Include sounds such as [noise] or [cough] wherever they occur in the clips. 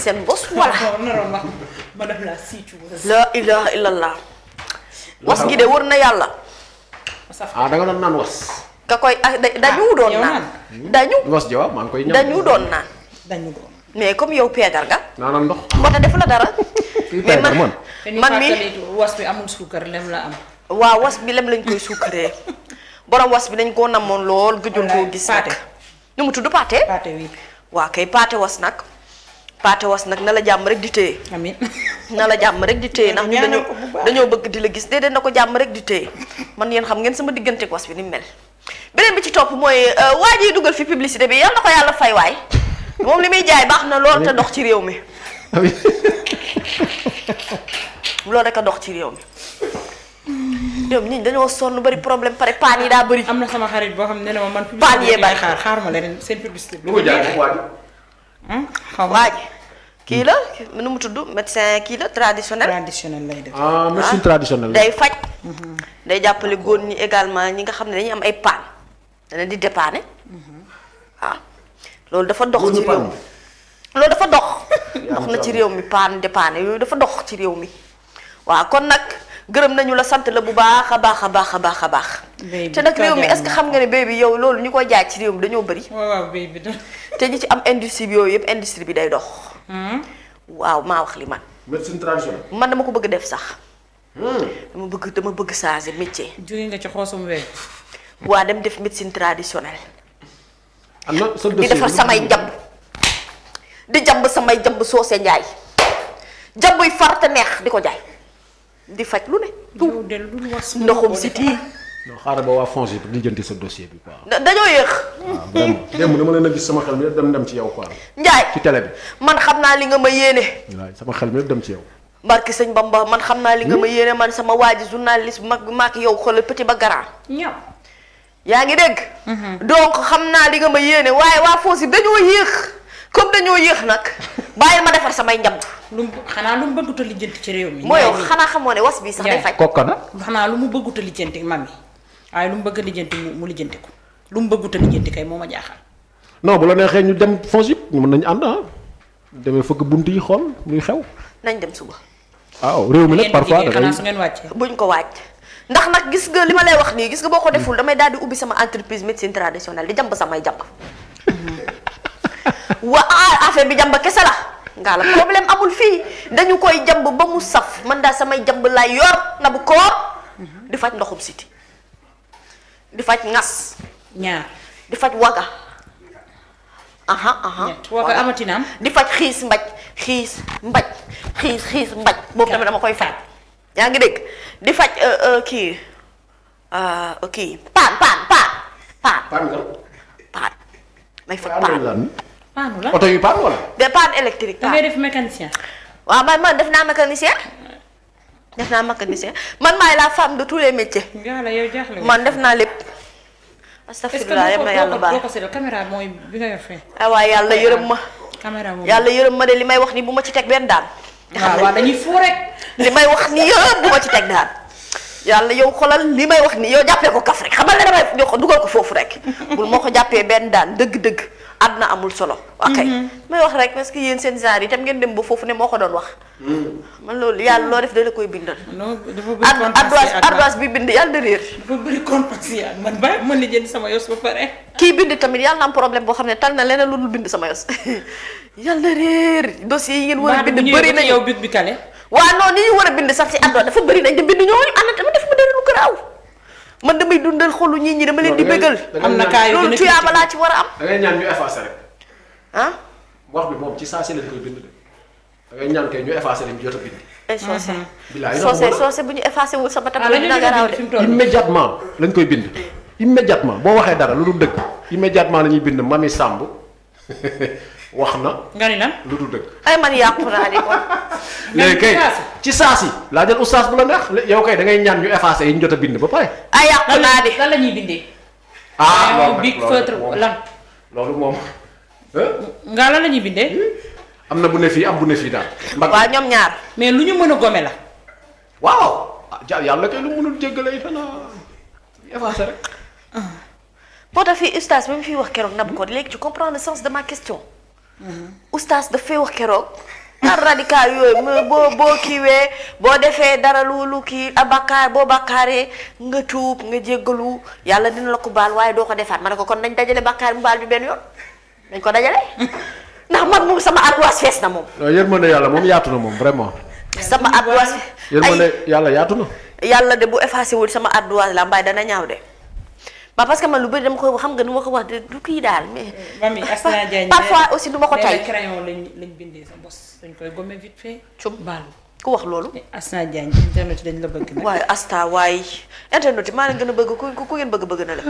seen bos voilà. [laughs] madame la la was ngi de wër na yàlla. ah da nga doon naan was. ka koy ah, ah dañu doon naan. dañu was ji waaw maa ngi koy ñam doon naan. mais comme yow peegar nga. naanal ndox mboote defu la dara. [laughs] mais man man mi bi amul suukar lem la am. waaw was bi lem lañ koy suukaree [laughs] borom was bi dañ koo namoon lool gëjoon koo gis. paate nu tudd paate. waa kay paate was nag. paate was nag na la jàmm rek di téye. amiin na la jàmm rek di téye ndax ñu dañoo dañoo bëgg di la gis déedéet na ko jàmm rek di téye man yéen xam ngeen sama diggante was bi ni mel. beneen bi ci topp mooy euh, waa ji dugal fi publicité bi yal na ko yàlla fay waay moom li muy jaay baax na lool te dox ci réew mi. [laughs] loolu rek dox ci réew mi. ñoom ñi dañoo sonn bari problème pare paan yi daa bari. am na sama xarit boo xam ne ne ma man. paan yee bari xaar xaar ma leneen seen publicité bi. lu ko jaay xaw ma waaj kii la nu mu tudd médecin kii la traditionnel. traditionnel lay def ah médecine traditionnelle. day faj. day jàppale góor ñi également ñi nga xam ne dañuy am ay paan dana di dépanner. waaw mhm. ah. loolu dafa dox ci réew mi loolu dafa dox. dox [laughs] na ci réew mi paan dépanner yooyu dafa dox ci réew mi waaw kon nag. gërëm nañu la sant la bu baax a baax a baax a baax a baax. te nag réew mi est-ce xam nga ne béy bi yow loolu ñu koy jaay ci réew mi dañoo bëri. waaw béy bi te ñu ci am industrie bi yooyu yëpp industrie bi day dox. Hmm? waaw maa wax li man. médecine traditionnelle. man dama ko bëgg def sax. Hmm. dama bëgg dama bëgg changer métier. juri nga ci xoosum weer. waa dem def médecine traditionnelle. di defar samay njamb di jamb samay jamb soose njaay jambuy far te neex di ko jaay. di faj lu ne. tout ndoxum si tii. non xaaral ba waa fonds yi lijjanti sa dossier bi quoi. dañoo yéex. waaw ah, vraiment démb dama leen a gis sama xel mi yëpp dem dem ci yow quoi. Ndiaye ci télé bi. man xam naa li nga ma yéene. waaw sama xel mi yëpp dem ci yow. Barke sëñ Bamba man xam naa li ma hmm? yéene man sama waa ji journaliste mag bi maak yow xoolal petit ba grand. ñëw. yaa ngi dégg. donc xam naa li nga ma yéene waaye waa fonds yi dañoo yéex. comme dañoo yéex nag bàyyil ma defar samay njamb. lu mu xanaa lu mu bëggut a lijjanti ci réew mi. mooy yow xanaa xamoo ne was bi sax day faj. kooka na xanaa lu mu bëggut a lijjanti mami waaye lu mu bëgg a lijjanti mu lijjanti ko lu mu bëggut a lijjanti kay moo ma jaaxal. non bu la neexee ñu dem fonds yëpp mën nañu ànd ah demee fëgg bunt yi xool luy xew. nañ dem suba. waaw réew mi nag parfois da ngay su ngeen wàccee. buñ ko wàcc ndax nag gis nga li ma lay wax nii gis nga boo ko deful damay daal di ubbi sama entreprise médecine traditionnelle di jàmb samay jàmb wa affaire bi jàmb kese la ngaa la problème amul fii dañu koy jàmb ba mu saf man daal samay jàmb laay yor na bu koor di faj ndoxum siti di faj ngas ñaar di faj waga aha aha di faj xiis mbaj xiis mbaj xiis mbaj boobu tamit dama koy faj yaa ngi dégg di faj euh, euh, euh, kii paan paan paan paan paan may faj paan paanu la oto yu paanu wala. de panne électrique. da man man def naa mécanicien. def naa mécanicien man maay la femme de tous les métiers. man def naa lépp. astafurlah yem na yàlla baal est-ce que caméra mooy bi nga yor fee. ah waaw yàlla yërëm ma. caméra moom yàlla yërëm ma de li may wax nii bu ma ci teg benn daan. waaw li may wax ni yëpp bu ma ci teg daan. yàlla yow xolal li may wax ni yow jàppee ko kaf rek xamal ne damay dugal ko foofu rek. bul ma ko jàppee benn daan dëgg-dëgg. na amul solo. ok mm-hmm. may wax rek parce que yéen seen genre yi tam ngeen dem ba foofu ne moo ko doon wax. Mm. man loolu yàlla loo def da koy bindal. non dafa bëri adwaas adwaas bi bind yàlla de réer. dafa mën na jënd sama yos ba pare. kii bind tamit yàlla na am problème boo xam ne tal na leneen lu dul bind sama yos [laughs] yàlla de réer dossier yi ngeen war a bind bëri nañu yow bit bi kale. waaw non ñu war a bind sax ci adwaas dafa bëri nañ te bind ñooñu ànd tamit dafa bëri lu garaaw man damay dundal xolu nit ñi dama leen di bëggal. am na kaay loolu tuyaaba ci war a am. da ngay ñaan ah? wax bi moom ci saa si lañ koy bind da ngay ñaan kay ñu effacé li mu jot a bind. Eh, soose. Mhm. bilaay soose soose bu ñu effacé wul sama tableau ah, dina garaaw de. immédiatement lañ koy bind. immédiatement boo waxee dara lu dul dëgg immédiatement la ñuy bind mami Samb [laughs] wax na. nga ni lan lu dul dëgg. ay man yàqu naa di [laughs] léegi kay ci saasi laa jël oustaz bu la neex yow kay da ngay ñaan ñu effacé yi ñu jot a bind ba pare. ay yàqu naa di la ñuy bindee. ah loolu big feutre lan. [laughs] nga la ñuy bindee. Hmm? am na bu ne fii am bu ne fii daal. waaw ñoom ñaar. mais lu ñu mën a gome la. waaw. ah yàlla kay lu mënul jéggale yi xanaa effacé rek. boo ah. tax fii ustaas bi mu fiy wax keroog nab ko léegi tu comprends le sens de ma question. Mm-hmm. oustaz daf fay wax keroog. car radical yooyu boo boo kiiwee boo defee dara lu lu kii abakkaar boo bakkaaree nga tuub nga jéggalu yàlla dina la ko baal waaye doo ko defaat ma ne ko kon dañ dajale bakkaar mu baal bi benn yoon dañ ko dajale. [laughs] ndax man moom sama ardoise fees na moom. yërmande yàlla moom yaatu na moom vraiment. sama ardoise. ay yërmande yàlla yaatu na. yàlla de bu effacé wul sama ardoise la mbaay dana ñaaw de. parce que man lu bëri dama koy xam nga nu ma ko wax de du kii daal eh, parfois aussi du ko tey sa bos. dañ koy gomme vite fait. cum eh, la bëgg nag. waaye Asta waaye internet maa leen gën a bëgg ku ku ngeen bëgg bëgg na la.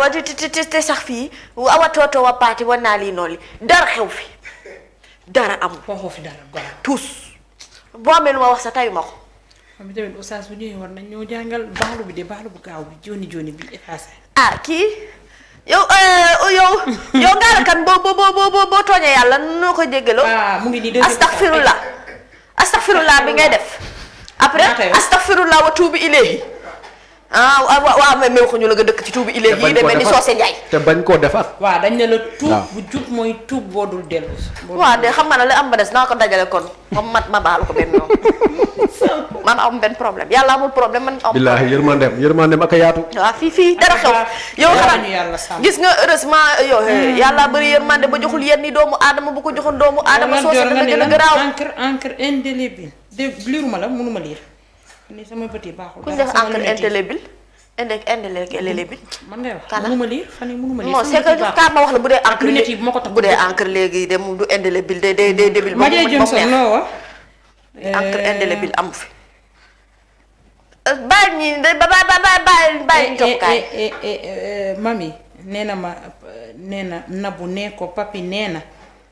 waaye te sax fii awa tootoo wa paati wan naa lii noonu dara xew fi dara amul. ah kii yow yow. yow ngaara kan boo boo boo boo tooñee yàlla noo ko jéggaloo. ah mu ngi nii astaghfirullah astaghfirullah bi ngay def. après astaghfirullah wa tuubu ilayhi ah waaw waaw mais waxuñu nga dëkk ci tuubu illéegi yi de mel ni soose njaay te bañ koo defar waaw dañ ne la tuub bu jub mooy tuub boo dul dellu waaw de xam nga ne la am ba des naa ko dajale kon moom mat ma baalu ko benn noonu [laughs] man am benn problème yàlla amul problème man am billaahi yërmandeem yërmandeem ak a yaatu waaw fii fii dara xew yow xanaa gis nga heureusement yow eh, hmm. yàlla bëri yërmande ba joxul yenni doomu aadama bu ko joxoon doomu aadama soose dana gën a garaaw encre encre indélébile de liiruma la ni sama bët yi baaxul. ku ñu encre indélébile. indé indélébile. man de wax mënuma lii fan yii mënuma lii. ma wax la bu dee encre. lunette yi bu ma ko takk bu dee encre léegi de mu du indélébile day day day débile. ma dee Johnson loo wax. encre indélébile amu fi. bàyyi ñi ba ba ba bàyyi bàyyi njokkaay. mami nee na ma nee na nabu ne ko papi nee na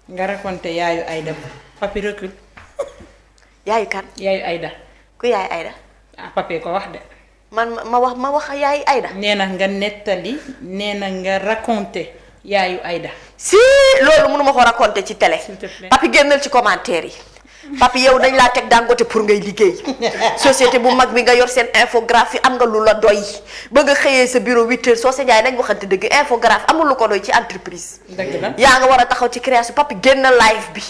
nga raconté yaayu Ayda papi recul. yaayu kan yaayu Ayda. ku yaayu Ayda. ah papier ko wax man ma wax ma wax yaayu Aida. nee na nga nettali nee na nga raconté yaayu Aida. si loolu mënu ma ko raconté ci télé. papi génnal ci commentaire yi. yow dañ laa teg Dangote pour ngay liggéey [laughs] société bu mag bi nga yor seen infographie am nga lu la doy ba nga xëyee sa bureau huit soo sa njaay nañ waxante dëgg infographie amul lu ko doy ci entreprise. yaa nga war a taxaw ci création papi génn live bi.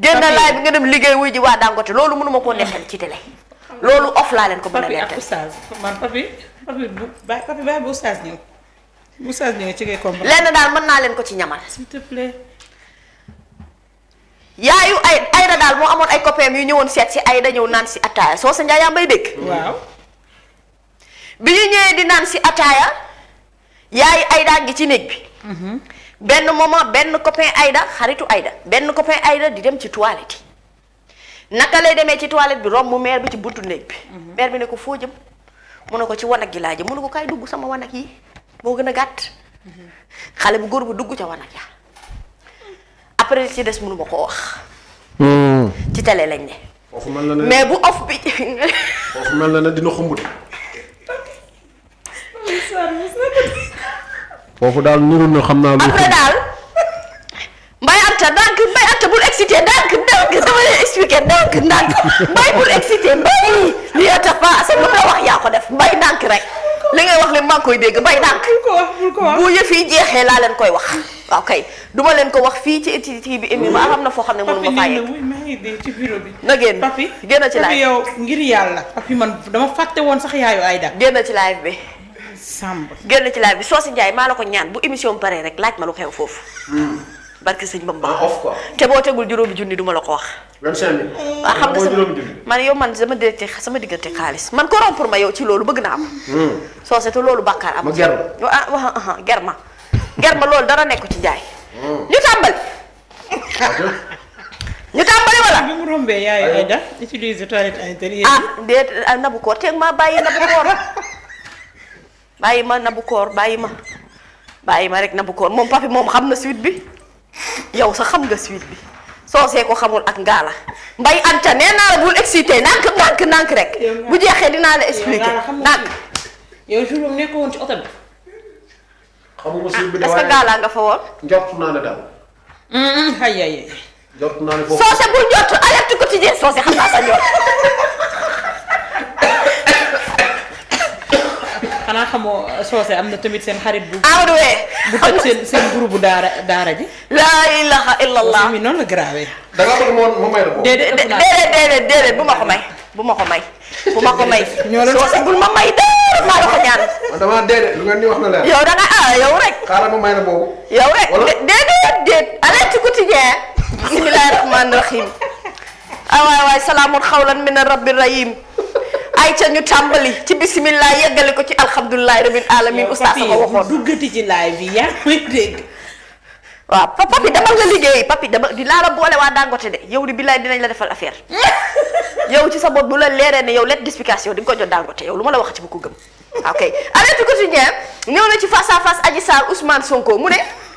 génn live bi nga dem liggéey wuy ji waa Dangote loolu mënuma ma koo nekkal ci tele loolu off laa leen ko mën a nekk. papi ak oustaz lenn daal mën naa leen ko ci ñamal. s'il te yaayu ay Ayda daal moo amoon ay copains yu ñëwoon seet si Ayda ñëw naan si ataaya soo sa njaay yaa may bi ñu ñëwee di naan si ataaya yaayu Ayda ngi ci néeg bi. Mhm. benn moment benn copain Ayda xaritu Ayda benn copain Ayda di dem ci toilette. naka lay demee ci toilette bi romb maire bi ci buntu néeg bi. maire mhm. bi ne ko foo jëm mu ne ko ci wanag gi laa jëm mu ne ko kaay dugg sama wanag yi boo gën a gàtt. Mhm. xale bu góor bu dugg ca wanag ya après li ci des mënu ma koo wax. Hmm. ci télé lañ ne. foofu mel na ne mais bu off bi. [laughs] foofu mel na ne daal niru na xam naa. après daal. excité ndànk ndànk dama leen expliqué ndànk ndànk mbay bul excité mbay li nga tax nga wax yaa ko def mbay ndànk rek li ngay wax li maa ngi koy dégg mbay ndànk bu yëf yi jeexee laa leen koy wax waaw kay duma leen ko wax fii ci ci bi émi ma na foo xam ne maa ngi ci bureau bi na génn papi génn ci live yow ngir yàlla papi man dama fàtte woon sax yaayu Aïda génn ci live bi Samb génn ci live bi Soosi Njaay maa la ko ñaan bu émission bi paree rek laaj ma lu xew foofu hmm. barke sëñ Bamba ah, te boo tegul juróomi junni duma la ko wax. waa ah, xam nga sama man yow man sama diggante sama diggante xaalis man ko rompre ma yow ci loolu bëgg naa ko. Hmm. soo seetlu loolu bàkkaar am. ma ger ma ah, ah ma loolu dara nekk ci jaay. Hmm. ñu tàmbali. ñu tàmbali wala. bi mu rombee nabu koor teeg ma bàyyi nabu koor bàyyi ma nabu koor bàyyi ma bàyyi ma rek nabu koor moom papi moom xam na suite bi. yow sa xam nga suite bi soosee ko xamul ak ngaala mbay anta nee naa la bul excité nànk nànk nànk rek bu jeexee dinaa la expliquer nànk yow juróom ah, que nga fa woon njort naa ne daal ay ay ay soose xam naa sa njort [laughs] xanaa xamoo euh, soose am na tamit seen xarit bu. Ah, Amadou bu toj seen seen ilaha illallah mi noonu la garaawee. da nga bëgg moom mu may la ko. déedéet déedéet déedéet bu ma ko may bu ma ko may. bu ma ko may. [laughs] ñoo leen soose bul ma may dara maa la ko ñaan. man damaa déedéet lu ngeen di wax na leer. yow da nga ah yow rek. xaaral ma may la boobu. yow rek déedéet déet. alerte quotidien. bismillahi rahmaani rahim. ah waay waay salaamun xawlan min rabbi rahim. ay ca ñu tàmbali ci bisimilah yeggale ko ci alhamdulilah rabbil alamin oustaz sama waxoon duggati ci laay bi yaa may dégg waaw papi demal nga liggéey papi dama di laa la boole waa Dangote de yow di billaay dinañ la defal affaire [laughs] yow ci sa bopp bu la leeree ne yow lettre d'explication di nga ko jot Dangote yow lu ma la wax ci bu ko gëm ok alerte quotidien ñëw na ci face à face Adji Sonko mu ne